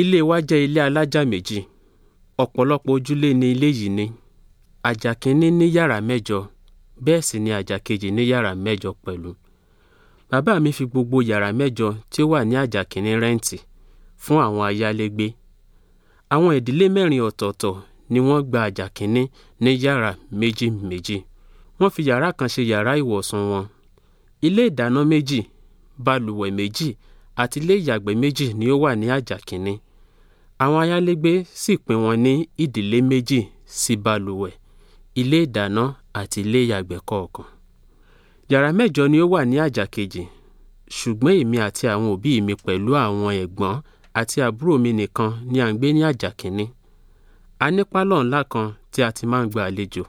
ilé wa jẹ́ ilé alájà méjì ọ̀pọ̀lọpọ̀ ojúlé ni ilé yìí ni àjà kínní ní yàrá mẹ́jọ bẹ́ẹ̀ sì ni àjà kejì ní yàrá mẹ́jọ pẹ̀lú bàbá mi fi gbogbo yàrá mẹ́jọ tí ó wà ní àjà kínní rẹ́ǹtì fún àwọn ayálégbé àwọn ìdílé mẹ́rin ọ̀tọ̀ọ̀tọ̀ ni wọ́n gba àjà kínní ní yàrá méjì méjì wọ́n fi yàrá kan ṣe yàrá ìwọ̀sùn wọn ilé ìdáná méjì balùwẹ̀ méjì àti ilé ìyàgbẹ́ méjì ni ó wà ní àjà àwọn ayálégbé sì pín wọn ní ìdílé méjì sí balùwẹ̀ ilé ìdáná àti ilé ìyàgbẹ́ kọ̀ọ̀kan yàrá mẹ́jọ ni ó wà ní àjà kejì ṣùgbọ́n èmi àti àwọn òbí mi pẹ̀lú àwọn ẹ̀gbọ́n àti àbúrò mi nìkan ni à ń gbé ní àjà kínní a ní pálọ̀ ńlá kan tí a ti máa ń gba àlejò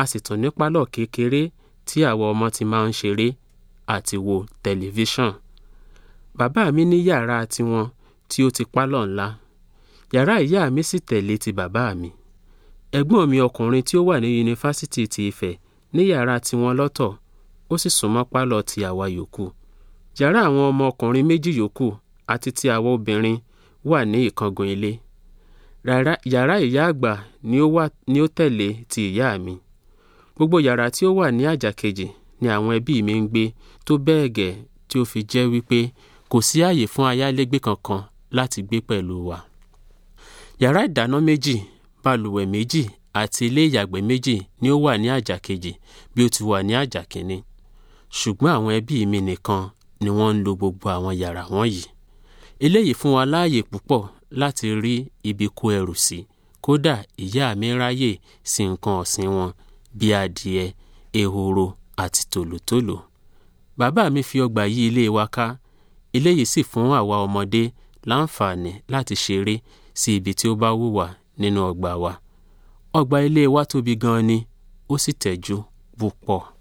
a sì tún ní pálọ̀ kékeré tí àwa ọmọ ti máa ń ṣeré àti wo tẹlifíṣàn bàbá mi ní yàrá tiwọn tí ó ti pálọ̀ ńlá yàrá ìyá mi sì tẹ̀lé ti bàbá mi ẹ̀gbọ́n mi ọkùnrin tí ó wà ní yunifásitì ti Ifẹ̀ ní yàrá tiwọn lọ́tọ̀ ó sì súnmọ́ pálọ̀ ti àwa yòókù yàrá àwọn ọmọ ọkùnrin méjì yòókù àti ti àwa obìnrin wà ní ìkangun ilé yàrá ìyá àgbà ni ó tẹ̀lé ti ìyá mi gbogbo yàrá tí ó wà ní àjà ni àwọn ẹbí mi ń gbé tó bẹ́ẹ̀ gẹ́ tí ó fi jẹ́ wípé kò sí àyè fún ayálégbé kankan láti gbé pẹ̀lú wa yàrá ìdáná méjì balùwẹ̀ méjì àti ilé ìyàgbẹ́ méjì ni ó wà ní àjà kejì bí ó ti wà ní àjà kínní ṣùgbọ́n àwọn ẹbí mi nìkan ni wọ́n ń lo gbogbo àwọn yàrá wọ̀nyí eléyìí fún wa láàyè púpọ̀ láti rí ibi kó ẹrù sí kódà ìyá mi ráyè sí nǹkan ọ̀sìn wọn bí adìẹ ehoro àti tòlótòló bàbá mi fi ọgbà yí ilé wa ká eléyìí sì fún àwa ọmọdé láǹfààní láti ṣeré sí ibi tí ó bá wù wá nínú ọgbà wa ọgbà ilé wa tóbi gan ni ó sì tẹ́jú púpọ̀